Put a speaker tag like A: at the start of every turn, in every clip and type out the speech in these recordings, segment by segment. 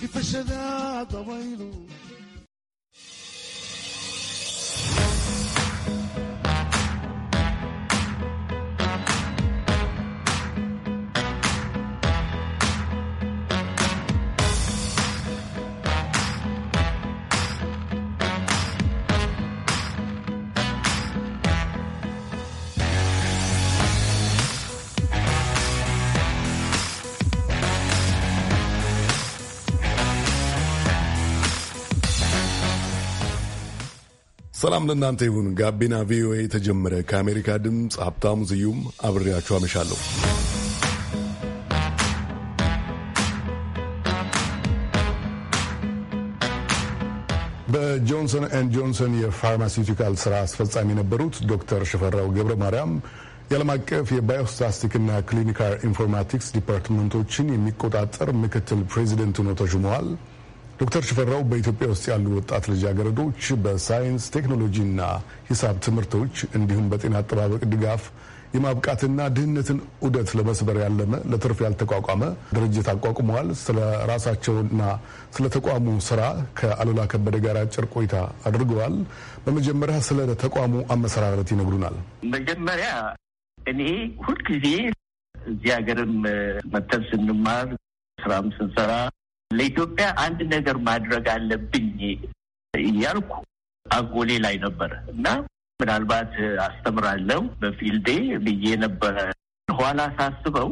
A: كيفاش هذا ضويله ሰላም ለእናንተ ይሁን። ጋቢና ቪኦኤ የተጀመረ ከአሜሪካ ድምፅ ሀብታሙ ስዩም አብሬያችሁ አመሻለሁ። በጆንሰን ኤንድ ጆንሰን የፋርማሲውቲካል ስራ አስፈጻሚ የነበሩት ዶክተር ሽፈራው ገብረ ማርያም የዓለም አቀፍ የባዮስታስቲክና ክሊኒካል ኢንፎርማቲክስ ዲፓርትመንቶችን የሚቆጣጠር ምክትል ፕሬዚደንት ሆነው ተሹመዋል። ዶክተር ሽፈራው በኢትዮጵያ ውስጥ ያሉ ወጣት ልጃገረዶች በሳይንስ ቴክኖሎጂና ሂሳብ ትምህርቶች እንዲሁም በጤና አጠባበቅ ድጋፍ የማብቃትና ድህነትን ዑደት ለመስበር ያለመ ለትርፍ ያልተቋቋመ ድርጅት አቋቁመዋል። ስለ ራሳቸውና ስለ ተቋሙ ስራ ከአሉላ ከበደ ጋር አጭር ቆይታ አድርገዋል። በመጀመሪያ ስለ ተቋሙ አመሰራረት ይነግሩናል።
B: መጀመሪያ እኔ ሁልጊዜ እዚህ ሀገርም መተን ስንማር ስራም ስንሰራ ለኢትዮጵያ አንድ ነገር ማድረግ አለብኝ እያልኩ አጎሌ ላይ ነበረ እና ምናልባት አስተምራለሁ በፊልዴ ብዬ ነበረ። ኋላ ሳስበው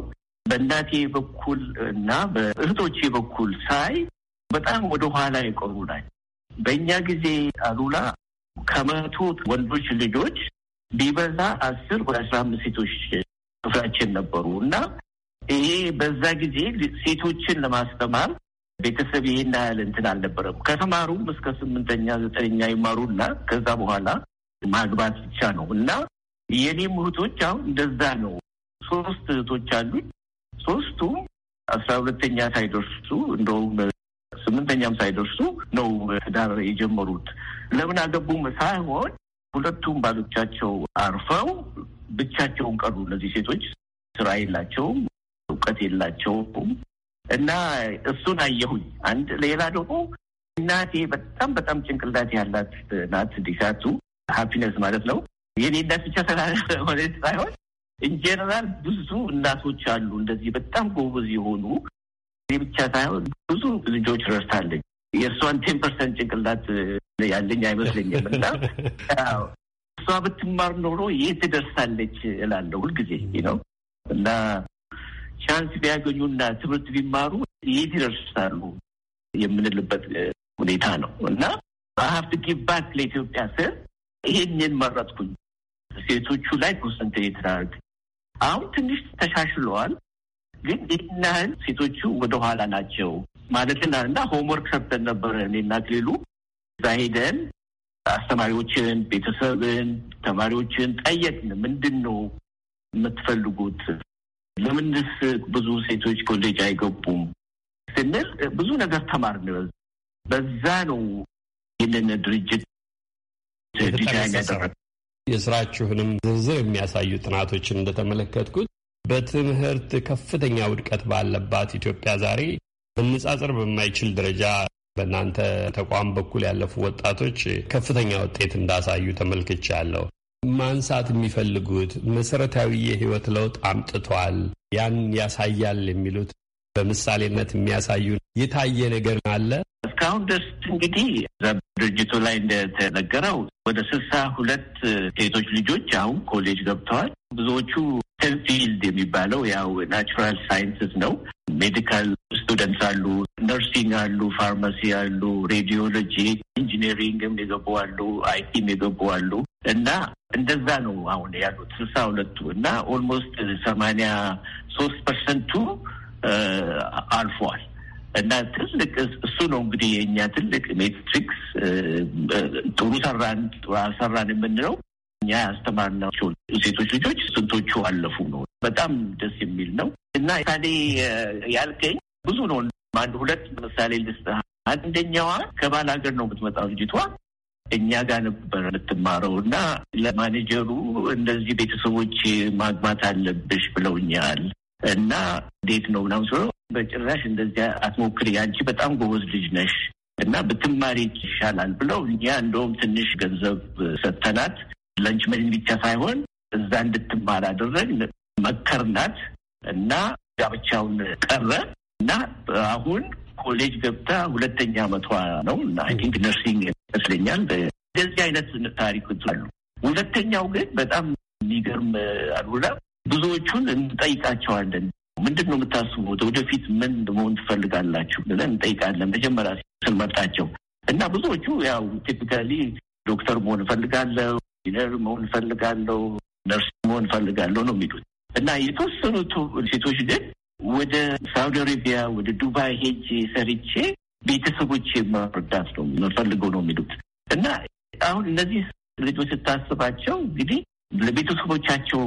B: በእናቴ በኩል እና በእህቶቼ በኩል ሳይ በጣም ወደ ኋላ የቀሩ ናቸው። በእኛ ጊዜ አሉላ ከመቶ ወንዶች ልጆች ቢበዛ አስር ወደ አስራ አምስት ሴቶች ክፍላችን ነበሩ እና ይሄ በዛ ጊዜ ሴቶችን ለማስተማር ቤተሰብ ይሄን ያህል እንትን አልነበረም። ከተማሩም እስከ ስምንተኛ ዘጠነኛ ይማሩና ከዛ በኋላ ማግባት ብቻ ነው እና የኔም እህቶች አሁን እንደዛ ነው። ሶስት እህቶች አሉኝ። ሶስቱም አስራ ሁለተኛ ሳይደርሱ እንደውም ስምንተኛም ሳይደርሱ ነው ትዳር የጀመሩት። ለምን አገቡም ሳይሆን ሁለቱም ባሎቻቸው አርፈው ብቻቸውን ቀሩ። እነዚህ ሴቶች ስራ የላቸውም፣ እውቀት የላቸውም፣ እና እሱን አየሁኝ። አንድ ሌላ ደግሞ እናቴ በጣም በጣም ጭንቅላት ያላት ናት። ዲሳቱ ሀፒነስ ማለት ነው። የኔ እናት ብቻ ስለሆነ ሳይሆን ኢንጀነራል ብዙ እናቶች አሉ እንደዚህ በጣም ጎበዝ የሆኑ ብቻ ሳይሆን ብዙ ልጆች ረድታለች። የእሷን ቴን ፐርሰንት ጭንቅላት ያለኝ አይመስለኝም። እና እሷ ብትማር ኖሮ የት ደርሳለች እላለሁ ሁልጊዜ ነው እና ቻንስ ቢያገኙና ትምህርት ቢማሩ የት ይደርሳሉ የምንልበት ሁኔታ ነው እና ሀብት ጊባክ ለኢትዮጵያ ስር ይሄንን መረጥኩኝ። ሴቶቹ ላይ ኮንሰንትሬት ላድርግ። አሁን ትንሽ ተሻሽለዋል፣ ግን ይህናህል ሴቶቹ ወደኋላ ናቸው ማለትና እና ሆምወርክ ሰርተን ነበረ እኔና ክሌሉ እዛ ሄደን አስተማሪዎችን፣ ቤተሰብን፣ ተማሪዎችን ጠየቅን። ምንድን ነው የምትፈልጉት ለምንስ ብዙ ሴቶች ኮሌጅ አይገቡም ስንል ብዙ ነገር ተማርን። በዛ ነው ይህንን ድርጅት ዲዛይን ያደረግ
C: የስራችሁንም ዝርዝር የሚያሳዩ ጥናቶችን እንደተመለከትኩት በትምህርት ከፍተኛ ውድቀት ባለባት ኢትዮጵያ ዛሬ መነጻጸር በማይችል ደረጃ በእናንተ ተቋም በኩል ያለፉ ወጣቶች ከፍተኛ ውጤት እንዳሳዩ ተመልክቻለሁ። ማንሳት የሚፈልጉት መሰረታዊ የህይወት ለውጥ አምጥቷል፣ ያን ያሳያል የሚሉት በምሳሌነት የሚያሳዩ የታየ ነገር አለ?
B: እስካሁን ድረስ እንግዲህ ድርጅቱ ላይ እንደተነገረው ወደ ስልሳ ሁለት ሴቶች ልጆች አሁን ኮሌጅ ገብተዋል። ብዙዎቹ ፊልድ የሚባለው ያው ናቹራል ሳይንስስ ነው። ሜዲካል ስቱደንትስ አሉ፣ ነርሲንግ አሉ፣ ፋርማሲ አሉ፣ ሬዲዮሎጂ፣ ኢንጂኒሪንግም የገቡ አሉ፣ አይቲም የገቡ አሉ እና እንደዛ ነው አሁን ያሉት ስልሳ ሁለቱ እና ኦልሞስት ሰማንያ ሶስት ፐርሰንቱ አልፏል። እና ትልቅ እሱ ነው እንግዲህ የእኛ ትልቅ ሜትሪክስ ጥሩ ሰራን ጥሩ አልሰራን የምንለው እኛ ያስተማርናቸው ሴቶች ልጆች ስንቶቹ አለፉ ነው። በጣም ደስ የሚል ነው። እና ሳሌ ያልከኝ ብዙ ነው። አንድ ሁለት ምሳሌ ልስጥህ። አንደኛዋ ከባል ሀገር ነው የምትመጣው ልጅቷ እኛ ጋር ነበር የምትማረው እና ለማኔጀሩ እንደዚህ ቤተሰቦች ማግባት አለብሽ ብለውኛል እና እንዴት ነው ምናምን ስለው በጭራሽ እንደዚያ አትሞክሪ፣ አንቺ በጣም ጎበዝ ልጅ ነሽ እና ብትማሪ ይሻላል ብለው እኛ እንደውም ትንሽ ገንዘብ ሰጥተናት ለንች መኒ ብቻ ሳይሆን እዛ እንድትማር አደረግ መከርናት እና ጋብቻውን ቀረ እና አሁን ኮሌጅ ገብታ ሁለተኛ ዓመቷ ነው እና አይ ቲንክ ነርሲንግ ይመስለኛል። እንደዚህ አይነት ታሪክ አሉ። ሁለተኛው ግን በጣም የሚገርም አሉላ ብዙዎቹን እንጠይቃቸዋለን። ምንድን ነው የምታስቡት? ወደፊት ምን መሆን ትፈልጋላችሁ ብለን እንጠይቃለን። መጀመሪያ ስንመርጣቸው እና ብዙዎቹ ያው ቲፒካሊ ዶክተር መሆን እፈልጋለሁ፣ ኢንጂነር መሆን እፈልጋለሁ፣ ነርስ መሆን እፈልጋለሁ ነው የሚሉት እና የተወሰኑት ሴቶች ግን ወደ ሳውዲ አረቢያ ወደ ዱባይ ሄጄ ሰርቼ ቤተሰቦች መርዳት ነው የምፈልገው ነው የሚሉት እና አሁን እነዚህ ልጆች ስታስባቸው እንግዲህ ለቤተሰቦቻቸው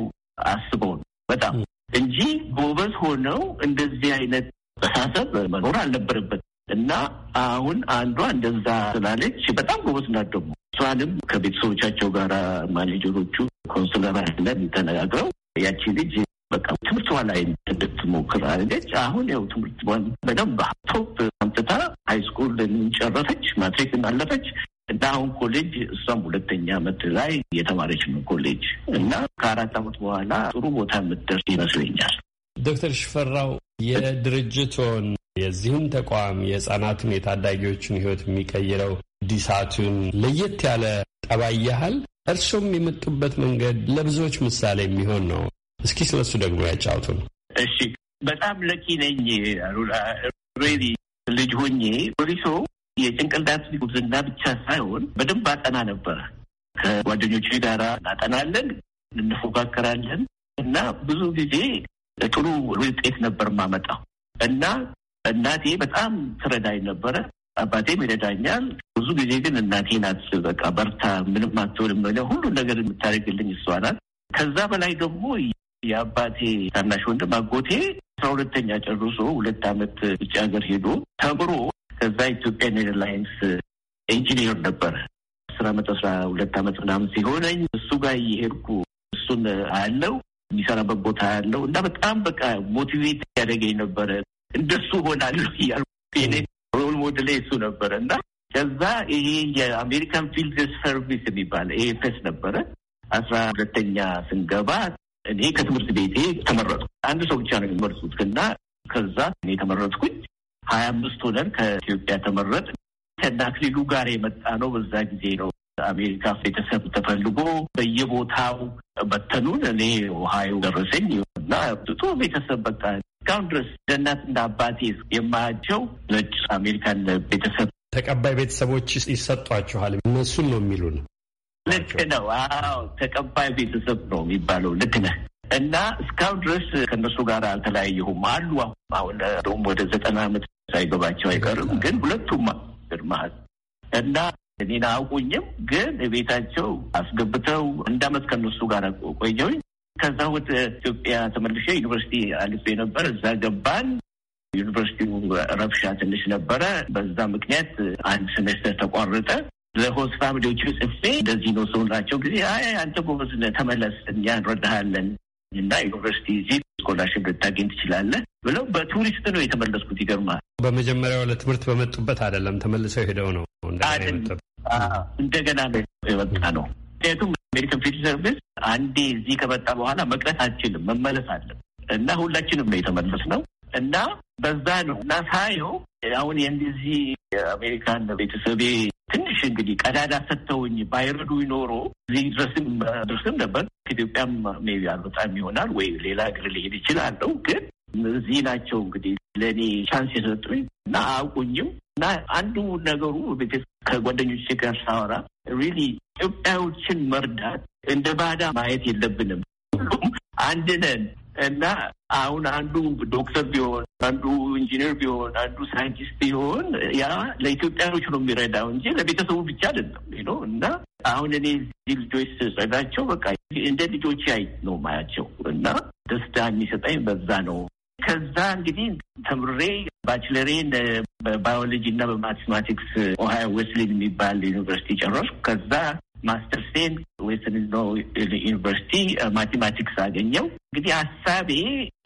B: አስበው ነው በጣም እንጂ ጎበዝ ሆነው እንደዚህ አይነት አስተሳሰብ መኖር አልነበረበት እና አሁን አንዷ እንደዛ ስላለች በጣም ጎበዝ ናት ደግሞ እሷንም ከቤተሰቦቻቸው ጋር ማኔጀሮቹ ኮንስለር ተነጋግረው ያቺ ልጅ በቃ ትምህርት ላይ እንድትሞክር አድርገች። አሁን ያው ትምህርት በደንብ ቶፕ አምጥታ ሃይስኩል ጨረሰች፣ ማትሪክ አለፈች እና አሁን ኮሌጅ እሷም ሁለተኛ ዓመት ላይ የተማረች ነው ኮሌጅ እና ከአራት ዓመት በኋላ ጥሩ ቦታ የምትደርስ ይመስለኛል።
C: ዶክተር ሽፈራው የድርጅቶን የዚህም ተቋም የህጻናትን የታዳጊዎችን ህይወት የሚቀይረው ዲሳቱን ለየት ያለ ጠባይ ያህል እርሶም የመጡበት መንገድ ለብዙዎች ምሳሌ የሚሆን ነው። እስኪ ስለሱ ደግሞ ያጫውቱን።
B: እሺ፣ በጣም ለኪ ነኝ አሉላ። ሬዲ ልጅ ሆኜ ፖሊሶ የጭንቅላት ጉብዝና ብቻ ሳይሆን በደንብ አጠና ነበረ። ከጓደኞቹ ጋራ እናጠናለን፣ እንፎካከራለን እና ብዙ ጊዜ ጥሩ ውጤት ነበር የማመጣው እና እናቴ በጣም ትረዳኝ ነበረ። አባቴም ይረዳኛል። ብዙ ጊዜ ግን እናቴ ናት በቃ በርታ፣ ምንም አትሆንም፣ ሁሉ ነገር የምታደርግልኝ እሷ ናት። ከዛ በላይ ደግሞ የአባቴ ታናሽ ወንድም አጎቴ አስራ ሁለተኛ ጨርሶ ሁለት አመት ውጭ ሀገር ሄዶ ተምሮ ከዛ ኢትዮጵያን ኤርላይንስ ኢንጂኒየር ነበር። አስር አመት አስራ ሁለት አመት ምናምን ሲሆነኝ እሱ ጋር እየሄድኩ እሱን አያለው የሚሰራበት ቦታ ያለው እና በጣም በቃ ሞቲቬት ያደገኝ ነበረ። እንደሱ ሆናለሁ እያልኩ የኔ ሮል ሞዴሌ እሱ ነበረ እና ከዛ ይሄ የአሜሪካን ፊልድ ሰርቪስ የሚባል ኤኤፍኤስ ነበረ። አስራ ሁለተኛ ስንገባ እኔ ከትምህርት ቤቴ ተመረጥኩ። አንድ ሰው ብቻ ነው የሚመርጡት እና ከዛ እኔ ተመረጥኩኝ። ሀያ አምስት ሆነን ከኢትዮጵያ ተመረጥ ከአክሊሉ ጋር የመጣ ነው። በዛ ጊዜ ነው አሜሪካ ቤተሰብ ተፈልጎ በየቦታው በተኑን። እኔ ውሃዩ ደረሰኝ እና ብቶ ቤተሰብ በቃ እስካሁን ድረስ ደናትና አባቴ የማያቸው ነጭ አሜሪካን ቤተሰብ ተቀባይ ቤተሰቦች ይሰጧችኋል። እነሱን ነው የሚሉን ልክ ነው። አዎ ተቀባይ ቤተሰብ ነው የሚባለው። ልክ ነህ። እና እስካሁን ድረስ ከእነሱ ጋር አልተለያየሁም አሉ። አሁን እንደውም ወደ ዘጠና ዓመት ሳይገባቸው አይቀርም። ግን ሁለቱም ግርመሃል እና እኔን አያውቁኝም። ግን ቤታቸው አስገብተው አንድ ዓመት ከእነሱ ጋር ቆየሁኝ። ከዛ ወደ ኢትዮጵያ ተመልሼ ዩኒቨርሲቲ አልፌ ነበር። እዛ ገባን። ዩኒቨርሲቲው ረብሻ ትንሽ ነበረ። በዛ ምክንያት አንድ ሴሜስተር ተቋረጠ። ለሆስ ፋሚሊዎቹ ጽፌ እንደዚህ ነው ሰው ናቸው ጊዜ አይ አንተ ጎበዝ ተመለስ፣ እኛ እንረዳሃለን እና ዩኒቨርሲቲ እዚህ ስኮላርሽፕ ልታገኝ ትችላለህ ብለው በቱሪስት ነው የተመለስኩት። ይገርማል።
C: በመጀመሪያው ለትምህርት በመጡበት አይደለም ተመልሰው ሄደው ነው
B: እንደገና የመጣ ነው። ምክንያቱም አሜሪካን ፊልድ ሰርቪስ አንዴ እዚህ ከመጣ በኋላ መቅረት አችልም መመለስ አለም እና ሁላችንም ነው የተመለስ ነው እና በዛ ነው እና ሳየው አሁን የእንደዚህ የአሜሪካን ቤተሰቤ ትንሽ እንግዲህ ቀዳዳ ሰጥተውኝ ባይረዱ ይኖሮ እዚህ ድረስም ድርስም ነበር። ከኢትዮጵያም ሜቢ አልወጣም ይሆናል ወይ ሌላ እግር ሊሄድ ይችላለሁ። ግን እዚህ ናቸው እንግዲህ ለእኔ ቻንስ የሰጡኝ እና አውቁኝም እና አንዱ ነገሩ ቤተሰብ ከጓደኞች ጋር ሳወራ ሪሊ ኢትዮጵያዎችን መርዳት እንደ ባዳ ማየት የለብንም። ሁሉም አንድ ነን። እና አሁን አንዱ ዶክተር ቢሆን አንዱ ኢንጂነር ቢሆን አንዱ ሳይንቲስት ቢሆን ያ ለኢትዮጵያኖች ነው የሚረዳው እንጂ ለቤተሰቡ ብቻ አይደለም ነው እና አሁን እኔ እዚህ ልጆች ስረዳቸው በቃ እንደ ልጆች አይ ነው ማያቸው እና ደስታ የሚሰጠኝ በዛ ነው። ከዛ እንግዲህ ተምሬ ባችለሬን በባዮሎጂ እና በማቴማቲክስ ኦሃዮ ዌስሊን የሚባል ዩኒቨርሲቲ ጨረስኩ። ከዛ ማስተርሴን ዌስትሚዝኖ ዩኒቨርሲቲ uh, ማቴማቲክስ አገኘው። እንግዲህ ሀሳቤ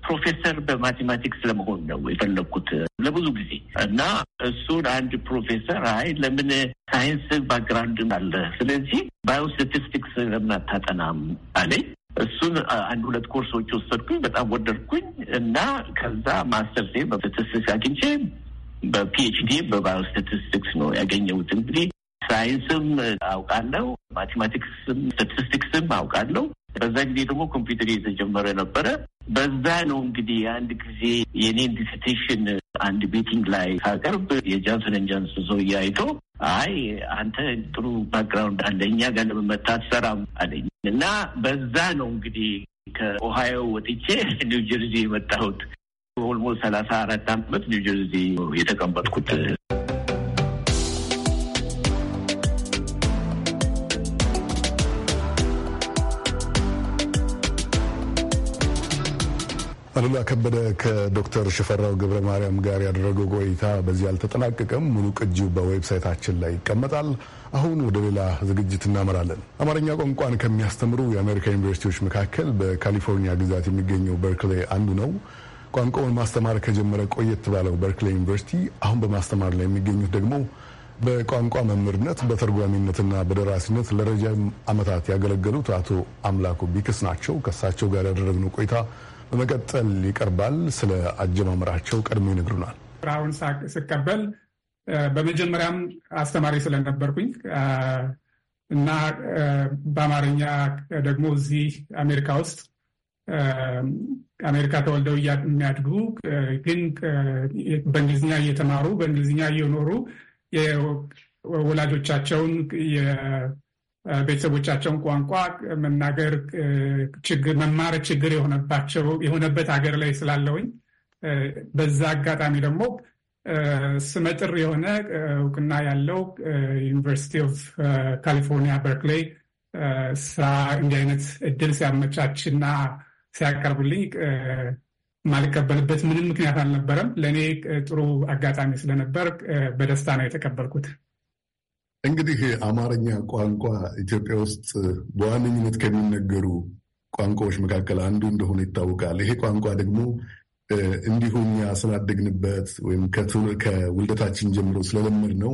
B: ፕሮፌሰር በማቴማቲክስ ለመሆን ነው የፈለግኩት ለብዙ ጊዜ እና እሱን አንድ ፕሮፌሰር አይ ለምን ሳይንስ ባክግራውንድ አለ፣ ስለዚህ ስታቲስቲክስ ለምን አታጠናም አለኝ። እሱን አንድ ሁለት ኮርሶች ወሰድኩኝ፣ በጣም ወደድኩኝ እና ከዛ ሴን በስታቲስቲክስ አግኝቼ በፒኤችዲ ስታቲስቲክስ ነው ያገኘሁት እንግዲህ ሳይንስም አውቃለሁ፣ ማቴማቲክስም ስታቲስቲክስም አውቃለሁ። በዛ ጊዜ ደግሞ ኮምፒውተር የተጀመረ ነበረ። በዛ ነው እንግዲህ አንድ ጊዜ የኔን ዲስቴሽን አንድ ቤቲንግ ላይ ሳቀርብ የጃንሰንን ጃንሰን ሰውዬ አይቶ አይ አንተ ጥሩ ባክግራውንድ አለ እኛ ጋር ለመመታ ትሰራም አለኝ እና በዛ ነው እንግዲህ ከኦሃዮ ወጥቼ ኒው ጀርዚ የመጣሁት ኦልሞስት ሰላሳ አራት ዓመት ኒው ጀርዚ የተቀመጥኩት።
A: አሉላ ከበደ ከዶክተር ሽፈራው ገብረ ማርያም ጋር ያደረገው ቆይታ በዚህ አልተጠናቀቀም። ሙሉ ቅጂው በዌብሳይታችን ላይ ይቀመጣል። አሁን ወደ ሌላ ዝግጅት እናመራለን። አማርኛ ቋንቋን ከሚያስተምሩ የአሜሪካ ዩኒቨርሲቲዎች መካከል በካሊፎርኒያ ግዛት የሚገኘው በርክሌ አንዱ ነው። ቋንቋውን ማስተማር ከጀመረ ቆየት ባለው በርክሌ ዩኒቨርሲቲ አሁን በማስተማር ላይ የሚገኙት ደግሞ በቋንቋ መምህርነት በተርጓሚነትና በደራሲነት ለረጅም ዓመታት ያገለገሉት አቶ አምላኩ ቢክስ ናቸው። ከእሳቸው ጋር ያደረግነው ቆይታ በመቀጠል ይቀርባል። ስለ አጀማመራቸው ቀድሞ ይነግሩናል።
D: ስራውን ስቀበል በመጀመሪያም አስተማሪ ስለነበርኩኝ እና በአማርኛ ደግሞ እዚህ አሜሪካ ውስጥ አሜሪካ ተወልደው የሚያድጉ ግን በእንግሊዝኛ እየተማሩ በእንግሊዝኛ እየኖሩ ወላጆቻቸውን ቤተሰቦቻቸውን ቋንቋ መናገር መማር ችግር የሆነባቸው የሆነበት ሀገር ላይ ስላለውኝ በዛ አጋጣሚ ደግሞ ስመጥር የሆነ እውቅና ያለው ዩኒቨርሲቲ ኦፍ ካሊፎርኒያ በርክሌይ ስራ እንዲህ አይነት እድል ሲያመቻችና ሲያቀርቡልኝ ማልቀበልበት ምንም ምክንያት አልነበረም። ለእኔ ጥሩ አጋጣሚ ስለነበር በደስታ ነው የተቀበልኩት።
A: እንግዲህ አማርኛ ቋንቋ ኢትዮጵያ ውስጥ በዋነኝነት ከሚነገሩ ቋንቋዎች መካከል አንዱ እንደሆነ ይታወቃል። ይሄ ቋንቋ ደግሞ እንዲሁ እኛ ስላደግንበት ወይም ከውልደታችን ጀምሮ ስለለመድ ነው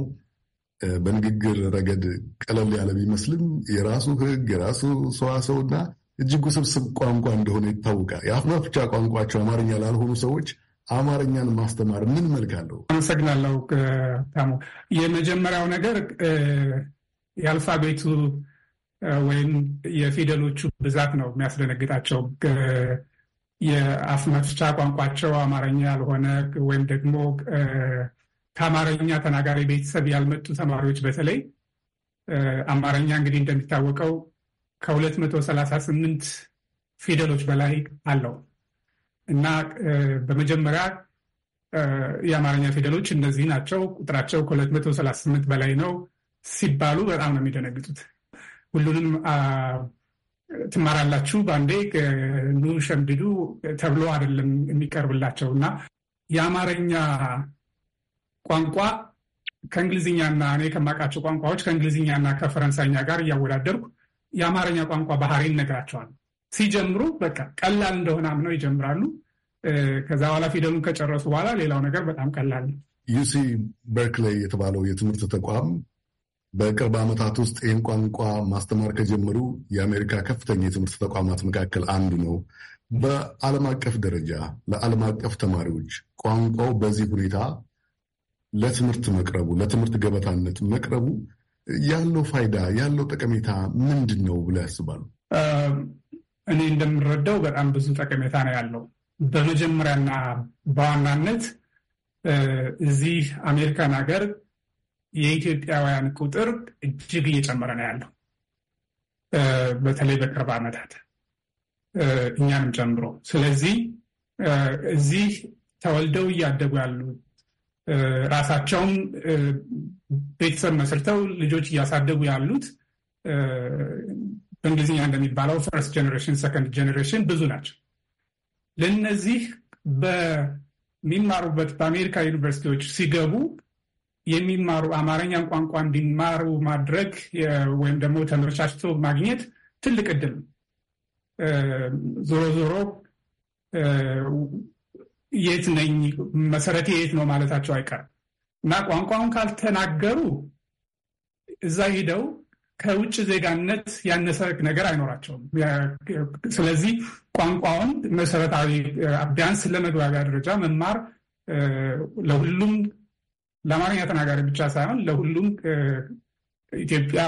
A: በንግግር ረገድ ቀለል ያለ ቢመስልም የራሱ ሕግ የራሱ እና እጅግ ውስብስብ ቋንቋ እንደሆነ ይታወቃል። የአፍ መፍቻ ቋንቋቸው አማርኛ ላልሆኑ ሰዎች አማርኛን ማስተማር ምን መልክ አለው?
D: አመሰግናለሁ። ታሙ የመጀመሪያው ነገር የአልፋቤቱ ወይም የፊደሎቹ ብዛት ነው የሚያስደነግጣቸው። የአፍ መፍቻ ቋንቋቸው አማርኛ ያልሆነ ወይም ደግሞ ከአማርኛ ተናጋሪ ቤተሰብ ያልመጡ ተማሪዎች በተለይ አማርኛ እንግዲህ እንደሚታወቀው ከ238 ፊደሎች በላይ አለው። እና በመጀመሪያ የአማርኛ ፊደሎች እነዚህ ናቸው፣ ቁጥራቸው ከ238 በላይ ነው ሲባሉ በጣም ነው የሚደነግጡት። ሁሉንም ትማራላችሁ በአንዴ ኑ ሸምድዱ ተብሎ አይደለም የሚቀርብላቸው እና የአማርኛ ቋንቋ ከእንግሊዝኛና እኔ ከማውቃቸው ቋንቋዎች ከእንግሊዝኛና ከፈረንሳይኛ ጋር እያወዳደርኩ የአማርኛ ቋንቋ ባህሪ ይነግራቸዋል። ሲጀምሩ በቃ ቀላል እንደሆነ አምነው ይጀምራሉ። ከዛ በኋላ ፊደሉን ከጨረሱ በኋላ ሌላው ነገር በጣም ቀላል ነው።
A: ዩሲ በርክሌይ የተባለው የትምህርት ተቋም በቅርብ ዓመታት ውስጥ ይህን ቋንቋ ማስተማር ከጀመሩ የአሜሪካ ከፍተኛ የትምህርት ተቋማት መካከል አንዱ ነው። በዓለም አቀፍ ደረጃ ለዓለም አቀፍ ተማሪዎች ቋንቋው በዚህ ሁኔታ ለትምህርት መቅረቡ ለትምህርት ገበታነት መቅረቡ ያለው ፋይዳ ያለው ጠቀሜታ ምንድን ነው ብለህ ያስባሉ?
D: እኔ እንደምረዳው በጣም ብዙ ጠቀሜታ ነው ያለው። በመጀመሪያና በዋናነት እዚህ አሜሪካን ሀገር የኢትዮጵያውያን ቁጥር እጅግ እየጨመረ ነው ያለው። በተለይ በቅርብ ዓመታት እኛንም ጨምሮ። ስለዚህ እዚህ ተወልደው እያደጉ ያሉ ራሳቸውን ቤተሰብ መስርተው ልጆች እያሳደጉ ያሉት በእንግሊዝኛ እንደሚባለው ፈርስት ጀኔሬሽን፣ ሰከንድ ጀኔሬሽን ብዙ ናቸው። ለነዚህ በሚማሩበት በአሜሪካ ዩኒቨርሲቲዎች ሲገቡ የሚማሩ አማርኛን ቋንቋ እንዲማሩ ማድረግ ወይም ደግሞ ተመቻችቶ ማግኘት ትልቅ እድል ነው። ዞሮ ዞሮ የት ነኝ መሰረቴ የት ነው ማለታቸው አይቀርም እና ቋንቋውን ካልተናገሩ እዛ ሂደው ከውጭ ዜጋነት ያነሰ ነገር አይኖራቸውም። ስለዚህ ቋንቋውን መሰረታዊ ቢያንስ ለመግባቢያ ደረጃ መማር ለሁሉም ለአማርኛ ተናጋሪ ብቻ ሳይሆን ለሁሉም ኢትዮጵያ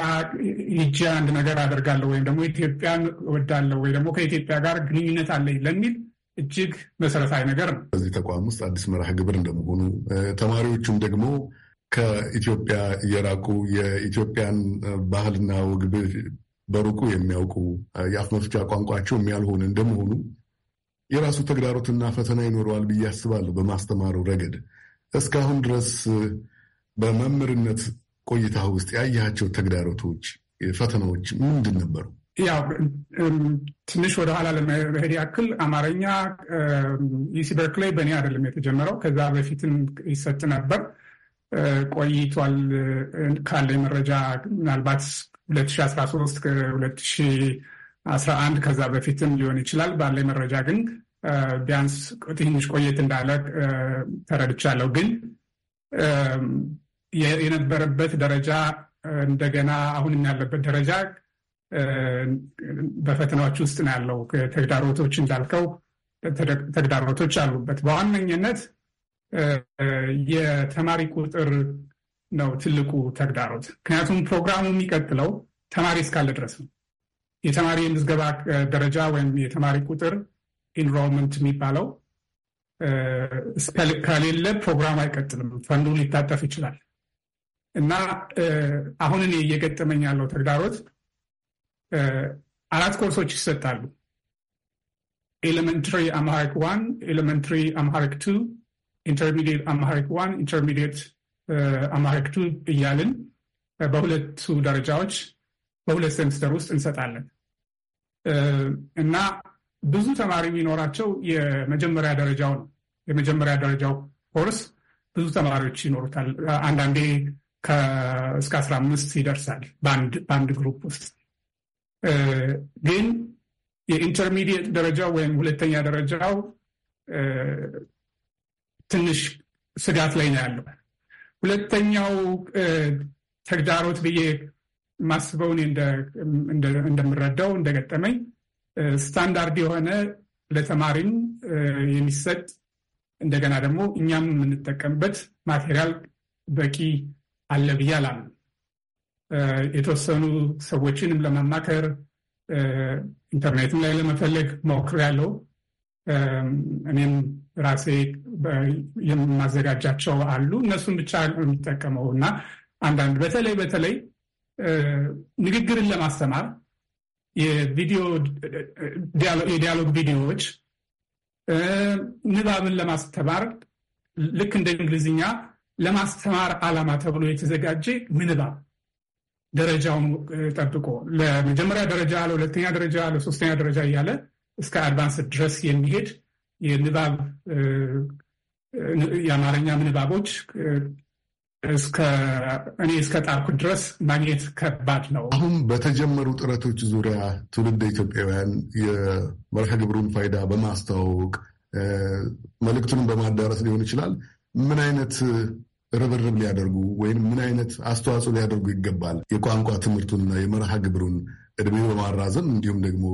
D: ሂጄ አንድ ነገር አደርጋለሁ ወይም ደግሞ ኢትዮጵያ ወዳለሁ ወይ ደግሞ ከኢትዮጵያ ጋር ግንኙነት አለኝ ለሚል እጅግ መሰረታዊ ነገር ነው።
A: በዚህ ተቋም ውስጥ አዲስ መርሃ ግብር እንደመሆኑ ተማሪዎቹም ደግሞ ከኢትዮጵያ የራቁ የኢትዮጵያን ባህልና ወግ በሩቁ የሚያውቁ የአፍ መፍቻ ቋንቋቸውም እንደመሆኑ የራሱ ተግዳሮትና ፈተና ይኖረዋል ብዬ አስባለሁ። በማስተማሩ ረገድ እስካሁን ድረስ በመምህርነት ቆይታ ውስጥ ያያቸው ተግዳሮቶች፣ ፈተናዎች ምንድን ነበሩ?
D: ያው ትንሽ ወደ ኋላ ለመሄድ ያክል አማርኛ ዩሲ በኔ በእኔ አይደለም የተጀመረው። ከዛ በፊትም ይሰጥ ነበር። ቆይቷል። ካለ መረጃ ምናልባት 2013 ከ2011 ከዛ በፊትም ሊሆን ይችላል። ባለ መረጃ ግን ቢያንስ ትንሽ ቆየት እንዳለ ተረድቻለሁ። ግን የነበረበት ደረጃ እንደገና አሁን ያለበት ደረጃ በፈተናዎች ውስጥ ነው ያለው። ተግዳሮቶች እንዳልከው ተግዳሮቶች አሉበት። በዋነኝነት የተማሪ ቁጥር ነው ትልቁ ተግዳሮት። ምክንያቱም ፕሮግራሙ የሚቀጥለው ተማሪ እስካለ ድረስ ነው። የተማሪ የምዝገባ ደረጃ ወይም የተማሪ ቁጥር ኢንሮልመንት የሚባለው ከሌለ ፕሮግራሙ አይቀጥልም። ፈንዱ ሊታጠፍ ይችላል። እና አሁን እኔ እየገጠመኝ ያለው ተግዳሮት አራት ኮርሶች ይሰጣሉ። ኤሌመንትሪ አምሃሪክ ዋን፣ ኤሌመንትሪ አምሃሪክ ቱ ኢንተርሚዲየት አማሪክ ዋን ኢንተርሚዲየት አማሪክ ቱ እያልን uh, በሁለቱ ደረጃዎች በሁለት ሴምስተር ውስጥ እንሰጣለን uh, እና ብዙ ተማሪ የሚኖራቸው የመጀመሪያ ደረጃው ነው። የመጀመሪያ ደረጃው ኮርስ ብዙ ተማሪዎች ይኖሩታል። አንዳንዴ እስከ አስራ አምስት ይደርሳል በአንድ ግሩፕ ውስጥ uh, ግን የኢንተርሚዲየት ደረጃው ወይም ሁለተኛ ደረጃው ትንሽ ስጋት ላይ ነው ያለው። ሁለተኛው ተግዳሮት ብዬ ማስበውን እንደምረዳው እንደገጠመኝ ስታንዳርድ የሆነ ለተማሪም የሚሰጥ እንደገና ደግሞ እኛም የምንጠቀምበት ማቴሪያል በቂ አለ ብዬ አላምንም። የተወሰኑ ሰዎችንም ለማማከር ኢንተርኔትም ላይ ለመፈለግ ሞክሬያለሁ። እኔም ራሴ የማዘጋጃቸው አሉ። እነሱን ብቻ የሚጠቀመው እና አንዳንድ በተለይ በተለይ ንግግርን ለማስተማር የዲያሎግ ቪዲዮዎች ንባብን ለማስተማር ልክ እንደ እንግሊዝኛ ለማስተማር ዓላማ ተብሎ የተዘጋጀ ምንባብ ደረጃውን ጠብቆ ለመጀመሪያ ደረጃ፣ ለሁለተኛ ደረጃ፣ ለሶስተኛ ደረጃ እያለ እስከ አድቫንስ ድረስ የሚሄድ የንባብ የአማርኛ ንባቦች እኔ እስከ ጣርኩት ድረስ ማግኘት ከባድ ነው። አሁን በተጀመሩ ጥረቶች ዙሪያ
A: ትውልድ ኢትዮጵያውያን የመርሃ ግብሩን ፋይዳ በማስተዋወቅ መልእክቱንም በማዳረስ ሊሆን ይችላል። ምን አይነት ርብርብ ሊያደርጉ ወይም ምን አይነት አስተዋጽኦ ሊያደርጉ ይገባል? የቋንቋ ትምህርቱንና የመርሃ ግብሩን እድሜ በማራዘም እንዲሁም ደግሞ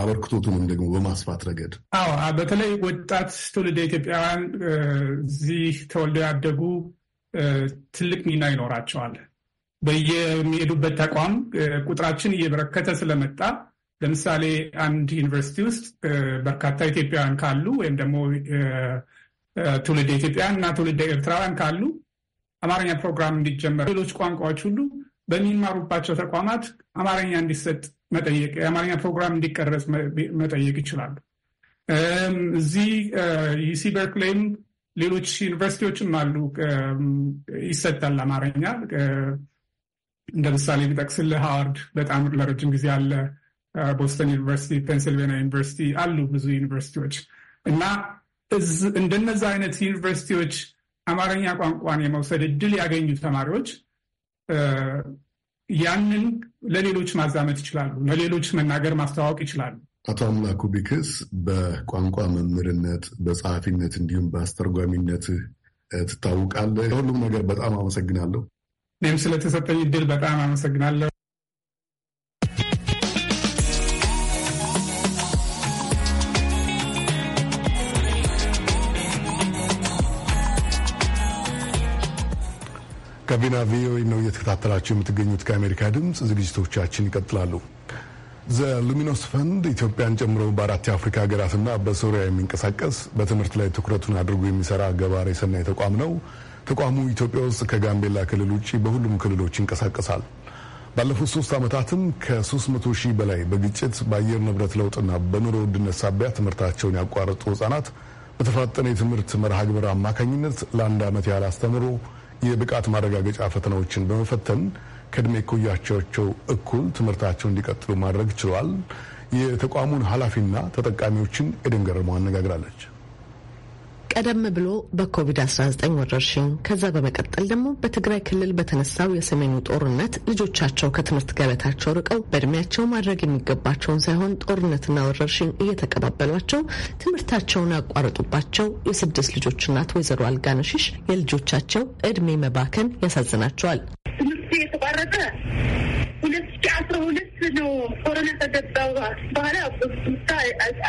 A: አበርክቶቱንም ደግሞ በማስፋት ረገድ
D: አዎ፣ በተለይ ወጣት ትውልደ ኢትዮጵያውያን እዚህ ተወልደው ያደጉ ትልቅ ሚና ይኖራቸዋል። በየሚሄዱበት ተቋም ቁጥራችን እየበረከተ ስለመጣ ለምሳሌ አንድ ዩኒቨርሲቲ ውስጥ በርካታ ኢትዮጵያውያን ካሉ ወይም ደግሞ ትውልድ ኢትዮጵያውያን እና ትውልደ ኤርትራውያን ካሉ አማርኛ ፕሮግራም እንዲጀመር ሌሎች ቋንቋዎች ሁሉ በሚማሩባቸው ተቋማት አማርኛ እንዲሰጥ መጠየቅ የአማርኛ ፕሮግራም እንዲቀረጽ መጠየቅ ይችላሉ። እዚህ ዩሲ በርክሌይም ሌሎች ዩኒቨርሲቲዎችም አሉ ይሰጣል አማርኛ። እንደ ምሳሌ ቢጠቅስል ሃዋርድ በጣም ለረጅም ጊዜ አለ። ቦስተን ዩኒቨርሲቲ፣ ፔንስልቬኒያ ዩኒቨርሲቲ አሉ ብዙ ዩኒቨርሲቲዎች እና እንደነዚ አይነት ዩኒቨርሲቲዎች አማርኛ ቋንቋን የመውሰድ እድል ያገኙ ተማሪዎች ያንን ለሌሎች ማዛመት ይችላሉ፣ ለሌሎች መናገር ማስተዋወቅ ይችላሉ።
A: አቶ አምላኩ ቢክስ በቋንቋ መምህርነት፣ በጸሐፊነት እንዲሁም በአስተርጓሚነት ትታወቃለህ። ሁሉም ነገር በጣም አመሰግናለሁ።
D: እኔም ስለተሰጠኝ እድል በጣም አመሰግናለሁ።
A: ጋቢና ቪኦኤ ነው እየተከታተላችሁ የምትገኙት። ከአሜሪካ ድምፅ ዝግጅቶቻችን ይቀጥላሉ። ዘ ሉሚኖስ ፈንድ ኢትዮጵያን ጨምሮ በአራት የአፍሪካ ሀገራትና በሶሪያ የሚንቀሳቀስ በትምህርት ላይ ትኩረቱን አድርጎ የሚሰራ ገባሬ ሰናይ ተቋም ነው። ተቋሙ ኢትዮጵያ ውስጥ ከጋምቤላ ክልል ውጭ በሁሉም ክልሎች ይንቀሳቀሳል። ባለፉት ሶስት ዓመታትም ከ300 ሺህ በላይ በግጭት በአየር ንብረት ለውጥና በኑሮ ውድነት ሳቢያ ትምህርታቸውን ያቋረጡ ህጻናት በተፋጠነ የትምህርት መርሃ ግብር አማካኝነት ለአንድ ዓመት ያህል አስተምሮ የብቃት ማረጋገጫ ፈተናዎችን በመፈተን ከእድሜ እኩዮቻቸው እኩል ትምህርታቸውን እንዲቀጥሉ ማድረግ ችሏል። የተቋሙን ኃላፊና ተጠቃሚዎችን ኤደን ገረመው አነጋግራለች።
E: ቀደም ብሎ በኮቪድ-19 ወረርሽኝ ከዛ በመቀጠል ደግሞ በትግራይ ክልል በተነሳው የሰሜኑ ጦርነት ልጆቻቸው ከትምህርት ገበታቸው ርቀው በእድሜያቸው ማድረግ የሚገባቸውን ሳይሆን ጦርነትና ወረርሽኝ እየተቀባበሏቸው ትምህርታቸውን ያቋረጡባቸው የስድስት ልጆች እናት ወይዘሮ አልጋነሽሽ የልጆቻቸው እድሜ መባከን ያሳዝናቸዋል።
C: ትምህርት የተቋረጠ ሁለት ሺ አስራ ሁለት ነው ኮሮና
B: በኋላ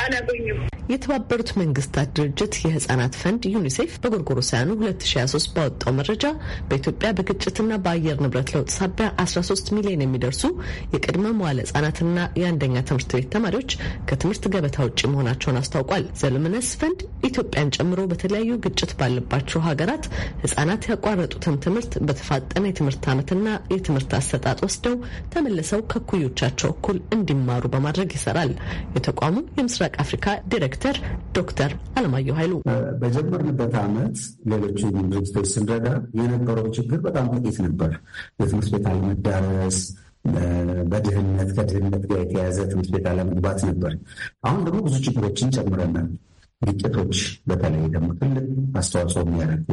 B: አላገኙም።
E: የተባበሩት መንግስታት ድርጅት የህጻናት ፈንድ ዩኒሴፍ በጎርጎሮሳውያኑ 2023 ባወጣው መረጃ በኢትዮጵያ በግጭትና በአየር ንብረት ለውጥ ሳቢያ 13 ሚሊዮን የሚደርሱ የቅድመ መዋለ ህጻናትና የአንደኛ ትምህርት ቤት ተማሪዎች ከትምህርት ገበታ ውጭ መሆናቸውን አስታውቋል። ዘልምነስ ፈንድ ኢትዮጵያን ጨምሮ በተለያዩ ግጭት ባለባቸው ሀገራት ህጻናት ያቋረጡትን ትምህርት በተፋጠነ የትምህርት ዓመትና የትምህርት አሰጣጥ ወስደው ተመልሰው ከኩዮቻቸው እኩል እንዲማሩ በማድረግ ይሰራል። የተቋሙ የምስራቅ አፍሪካ ዲሬክተር ዶክተር አለማየሁ ኃይሉ በጀመርንበት ዓመት ሌሎች ዩኒቨርሲቲዎች ስንረዳ የነበረው ችግር በጣም
C: ጥቂት ነበር። የትምህርት ቤት አለመዳረስ በድህነት ከድህነት ጋር የተያዘ ትምህርት ቤት አለመግባት ነበር። አሁን ደግሞ ብዙ ችግሮችን ጨምረናል። ግጭቶች በተለይ ደግሞ ትልቅ አስተዋጽኦ የሚያደርጉ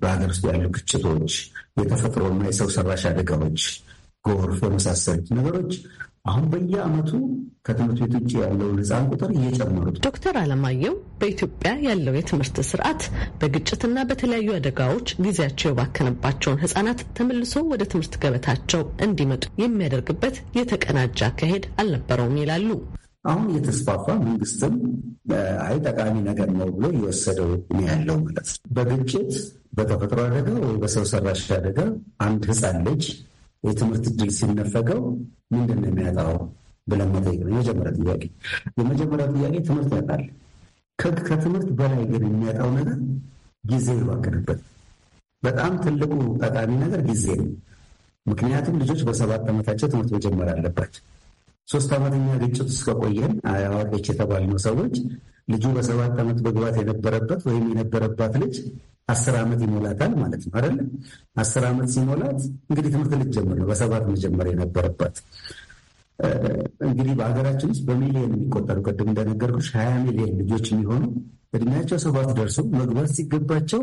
C: በሀገር ውስጥ ያሉ ግጭቶች፣ የተፈጥሮና የሰው ሰራሽ አደጋዎች ጎርፍ የመሳሰሉት ነገሮች
E: አሁን በየአመቱ ከትምህርት ቤት ውጭ ያለውን ህፃን ቁጥር እየጨመሩት። ዶክተር አለማየሁ በኢትዮጵያ ያለው የትምህርት ስርዓት በግጭትና በተለያዩ አደጋዎች ጊዜያቸው የባከነባቸውን ህጻናት ተመልሶ ወደ ትምህርት ገበታቸው እንዲመጡ የሚያደርግበት የተቀናጀ አካሄድ አልነበረውም ይላሉ። አሁን
C: እየተስፋፋ መንግስትም አይ ጠቃሚ ነገር ነው ብሎ እየወሰደው ነው ያለው ማለት ነው። በግጭት በተፈጥሮ አደጋ ወይ በሰው ሰራሽ አደጋ አንድ ህፃን ልጅ የትምህርት እድል ሲነፈገው ምንድን ነው የሚያጣው ብለን መጠየቅ ነው የመጀመሪያ ጥያቄ። የመጀመሪያ ጥያቄ ትምህርት ያጣል። ከትምህርት በላይ ግን የሚያጣው ነገር ጊዜ ይባክንበት። በጣም ትልቁ ጠቃሚ ነገር ጊዜ ነው። ምክንያቱም ልጆች በሰባት ዓመታቸው ትምህርት መጀመር አለባቸው። ሶስት ዓመተኛ ግጭት እስከቆየን አዋቂች አዋቂዎች የተባልነው ሰዎች ልጁ በሰባት ዓመት መግባት የነበረበት ወይም የነበረባት ልጅ አስር ዓመት ይሞላታል ማለት ነው አይደለ? አስር ዓመት ሲሞላት እንግዲህ ትምህርት ልትጀምር ነው። በሰባት መጀመር የነበረባት እንግዲህ በሀገራችን ውስጥ በሚሊዮን የሚቆጠሩ ቅድም እንደነገርኩሽ ሀያ ሚሊዮን ልጆች የሚሆኑ እድሜያቸው ሰባት ደርሶ መግባት ሲገባቸው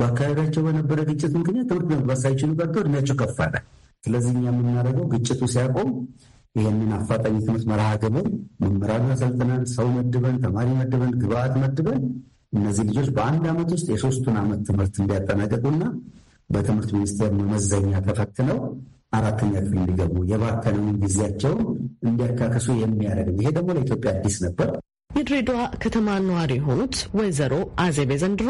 C: በአካባቢያቸው በነበረ ግጭት ምክንያት ትምህርት መግባት ሳይችሉ ቀርተው እድሜያቸው ከፍ አለ። ስለዚህ እኛ የምናደርገው ግጭቱ ሲያቆም ይህንን አፋጣኝ ትምህርት መርሃ ግብር መምህራን አሰልጥነን ሰው መድበን ተማሪ መድበን ግብአት መድበን እነዚህ ልጆች በአንድ ዓመት ውስጥ የሶስቱን ዓመት ትምህርት እንዲያጠናቀቁና በትምህርት ሚኒስቴር መመዘኛ ተፈትነው አራተኛ ክፍል እንዲገቡ የባከነውን ጊዜያቸውን እንዲያካክሱ የሚያደርግ ይሄ ደግሞ ለኢትዮጵያ አዲስ ነበር።
E: የድሬዳዋ ከተማ ነዋሪ የሆኑት ወይዘሮ አዜቤ ዘንድሮ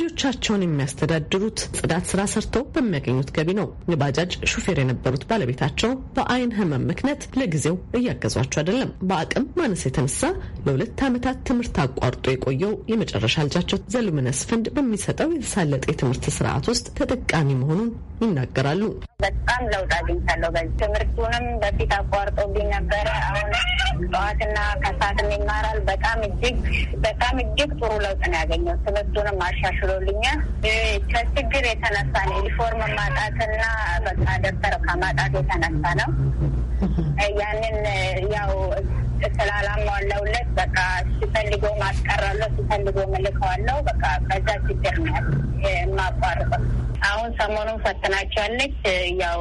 E: ልጆቻቸውን የሚያስተዳድሩት ጽዳት ስራ ሰርተው በሚያገኙት ገቢ ነው። የባጃጅ ሹፌር የነበሩት ባለቤታቸው በአይን ህመም ምክንያት ለጊዜው እያገዟቸው አይደለም። በአቅም ማነስ የተነሳ ለሁለት ዓመታት ትምህርት አቋርጦ የቆየው የመጨረሻ ልጃቸው ዘልምነስ ፈንድ በሚሰጠው የተሳለጠ የትምህርት ስርዓት ውስጥ ተጠቃሚ መሆኑን ይናገራሉ።
B: በጣም ለውጥ አግኝቻለሁ። በዚህ ትምህርቱንም በፊት አቋርጦብኝ ነበረ። አሁን ጠዋትና ከሰዓትም ይማራል በጣም በጣም እጅግ በጣም እጅግ ጥሩ ለውጥ ነው ያገኘው። ትምህርቱንም አሻሽሎልኛል። ከችግር የተነሳ ነው ዩኒፎርም ማጣትና በቃ ደብተር ከማጣት የተነሳ ነው። ያንን ያው ስላላሟላውለት በቃ ሲፈልጎ ማስቀራለሁ ሲፈልጎ ምልከዋለው በቃ ከዛ ችግር ነው የማቋርጠው። አሁን ሰሞኑን ፈትናቸዋለች። ያው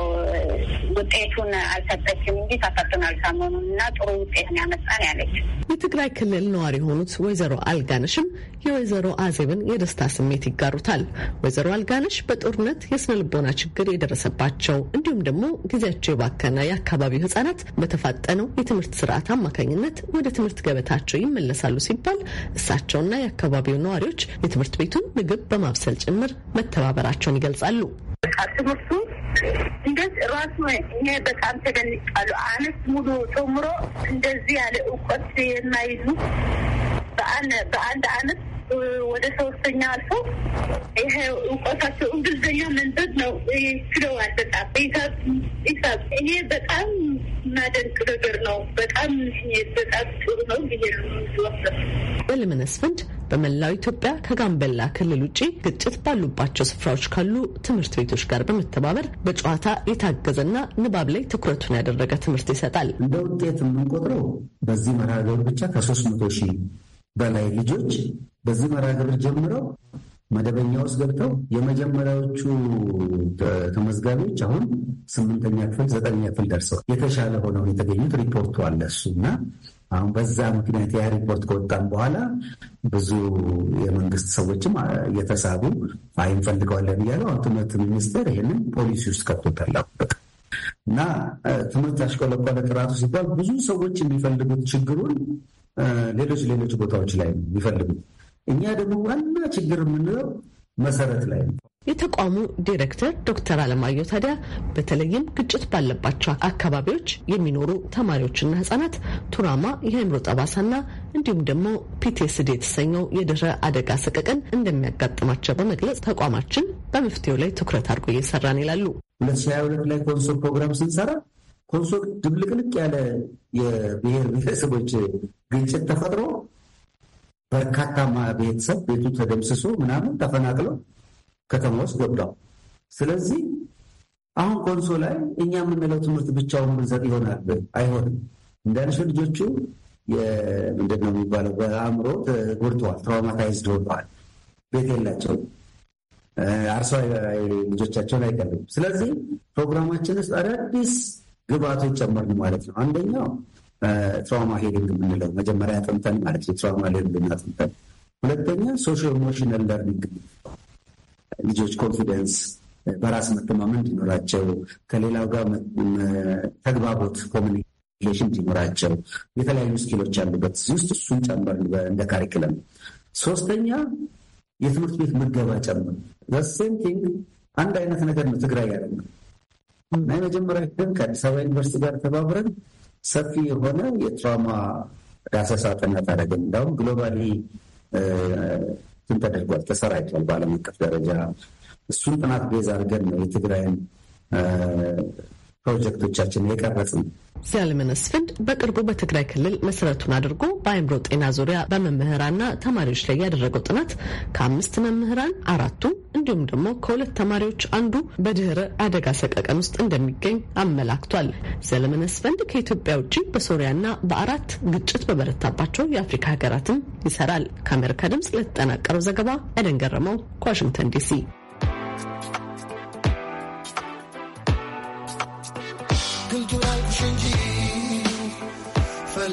B: ውጤቱን አልሰጠችም እንጂ ተፈትኗል ሰሞኑን እና ጥሩ ውጤት ነው ያመጣን ያለች።
E: የትግራይ ክልል ነዋሪ የሆኑት ወይዘሮ አልጋነሽም የወይዘሮ አዜብን የደስታ ስሜት ይጋሩታል። ወይዘሮ አልጋነሽ በጦርነት የስነ ልቦና ችግር የደረሰባቸው እንዲሁም ደግሞ ጊዜያቸው የባከነ የአካባቢው ሕጻናት በተፋጠነው የትምህርት ስርዓት አማካኝነት ወደ ትምህርት ገበታቸው ይመለሳሉ ሲባል እሳቸውና የአካባቢው ነዋሪዎች የትምህርት ቤቱን ምግብ በማብሰል ጭምር መተባበራቸውን ይገ ይገልጻሉ። ትምህርቱ
B: እንደዚህ ራሱ ይሄ በጣም ተደንቃሉ። አመት ሙሉ
C: ጨምሮ እንደዚህ ያለ እውቀት የማይዙ በአንድ አመት ወደ ሶስተኛ አልፎ ይሄ እውቀታቸው እንግሊዝኛ መንበብ ነው
E: ችለዋል። በጣም ሂሳብ ይሄ በጣም እናደንቅ ነገር ነው። በጣም በጣም ጥሩ ነው ብዬ ነው። በልመነስ ስፍንድ በመላው ኢትዮጵያ ከጋምቤላ ክልል ውጭ ግጭት ባሉባቸው ስፍራዎች ካሉ ትምህርት ቤቶች ጋር በመተባበር በጨዋታ የታገዘና ንባብ ላይ ትኩረቱን ያደረገ ትምህርት ይሰጣል። እንደ ውጤት የምንቆጥረው በዚህ መርሃ ግብር ብቻ ከሶስት መቶ ሺህ በላይ ልጆች
C: በዚህ መርሃ ግብር ጀምረው መደበኛ ውስጥ ገብተው የመጀመሪያዎቹ ተመዝጋቢዎች አሁን ስምንተኛ ክፍል፣ ዘጠነኛ ክፍል ደርሰው የተሻለ ሆነው የተገኙት ሪፖርቱ አለ እሱ እና አሁን በዛ ምክንያት ያ ሪፖርት ከወጣም በኋላ ብዙ የመንግስት ሰዎችም እየተሳቡ አይ እንፈልገዋለን እያሉ አሁን ትምህርት ሚኒስቴር ይህንን ፖሊሲ ውስጥ ከቶታል እና ትምህርት ያሽቆለቆለ ጥራቱ ሲባል ብዙ ሰዎች የሚፈልጉት ችግሩን ሌሎች ሌሎች ቦታዎች ላይ ነው የሚፈልጉት። እኛ ደግሞ ዋና ችግር የምንለው መሰረት ላይ ነው።
E: የተቋሙ ዲሬክተር ዶክተር አለማየሁ ታዲያ በተለይም ግጭት ባለባቸው አካባቢዎች የሚኖሩ ተማሪዎችና ህጻናት ቱራማ የአእምሮ ጠባሳና እንዲሁም ደግሞ ፒቴስድ የተሰኘው የድህረ አደጋ ሰቀቀን እንደሚያጋጥማቸው በመግለጽ ተቋማችን በመፍትሄው ላይ ትኩረት አድርጎ እየሰራን ይላሉ። ሁለት ሺ ሀያ ሁለት ላይ ኮንሶ ፕሮግራም ስንሰራ ኮንሶ ድብልቅልቅ ያለ
C: የብሔር ብሔረሰቦች ግጭት ተፈጥሮ በርካታ ቤተሰብ ቤቱ ተደምስሶ ምናምን ተፈናቅለው ከተማ ውስጥ ገብቷል። ስለዚህ አሁን ኮንሶ ላይ እኛ የምንለው ትምህርት ብቻውን ምንሰጥ ይሆናል አይሆንም። እንዳንሽ ልጆቹ ምንድን ነው የሚባለው በአእምሮ ጎድተዋል፣ ትራውማታይዝድ ሆነዋል። ቤት የላቸው አርሶ ልጆቻቸውን አይቀልም። ስለዚህ ፕሮግራማችን ውስጥ አዳዲስ ግብአቶች ጨመርን ማለት ነው። አንደኛው ትራውማ ሄሊንግ የምንለው መጀመሪያ አጥንተን ማለት ነው። ትራውማ ሄሊንግ አጥንተን፣ ሁለተኛ ሶሽ ኢሞሽናል ለርኒንግ ልጆች ኮንፊደንስ በራስ መተማመን እንዲኖራቸው ከሌላው ጋር ተግባቦት ኮሚኒኬሽን እንዲኖራቸው የተለያዩ ስኪሎች አሉበት እዚህ ውስጥ እሱን ጨምር እንደ ካሪክለም። ሶስተኛ የትምህርት ቤት ምገባ ጨምር። ዘሴም ቲንግ አንድ አይነት ነገር ነው ትግራይ ያለ ነው እና የመጀመሪያ ግን ከአዲስ አበባ ዩኒቨርሲቲ ጋር ተባብረን ሰፊ የሆነ የትራማ ዳሰሳ ጥናት አደረግን። እንዳሁም ግሎባሊ እንትን ተደርጓል፣ ተሰራይቷል በዓለም አቀፍ ደረጃ። እሱን ጥናት ቤዝ አድርገን ነው የትግራይን ፕሮጀክቶቻችን የቀረጽም።
E: ዘላለምን ስፍንድ በቅርቡ በትግራይ ክልል መሰረቱን አድርጎ በአእምሮ ጤና ዙሪያ በመምህራንና ተማሪዎች ላይ ያደረገው ጥናት ከአምስት መምህራን አራቱ እንዲሁም ደግሞ ከሁለት ተማሪዎች አንዱ በድህረ አደጋ ሰቀቀን ውስጥ እንደሚገኝ አመላክቷል። ዘላለምን ስፍንድ ከኢትዮጵያ ውጭ በሶሪያና በአራት ግጭት በበረታባቸው የአፍሪካ ሀገራትም ይሰራል። ከአሜሪካ ድምፅ ለተጠናቀረው ዘገባ ኤደን ገረመው ከዋሽንግተን ዲሲ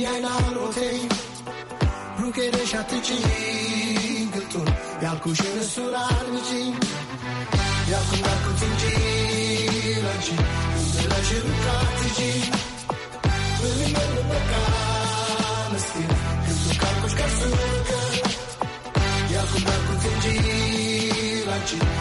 E: Biayla rotein Runkere şatıcıyım
B: Gıttun Yalkuşunu surar mıcıyım Yakında kutucuyum Acı Üzülaşır katıcıyım Bölümünü
A: bakan Eski Gıttun kalkuş karşı Yakında kutucuyum Acı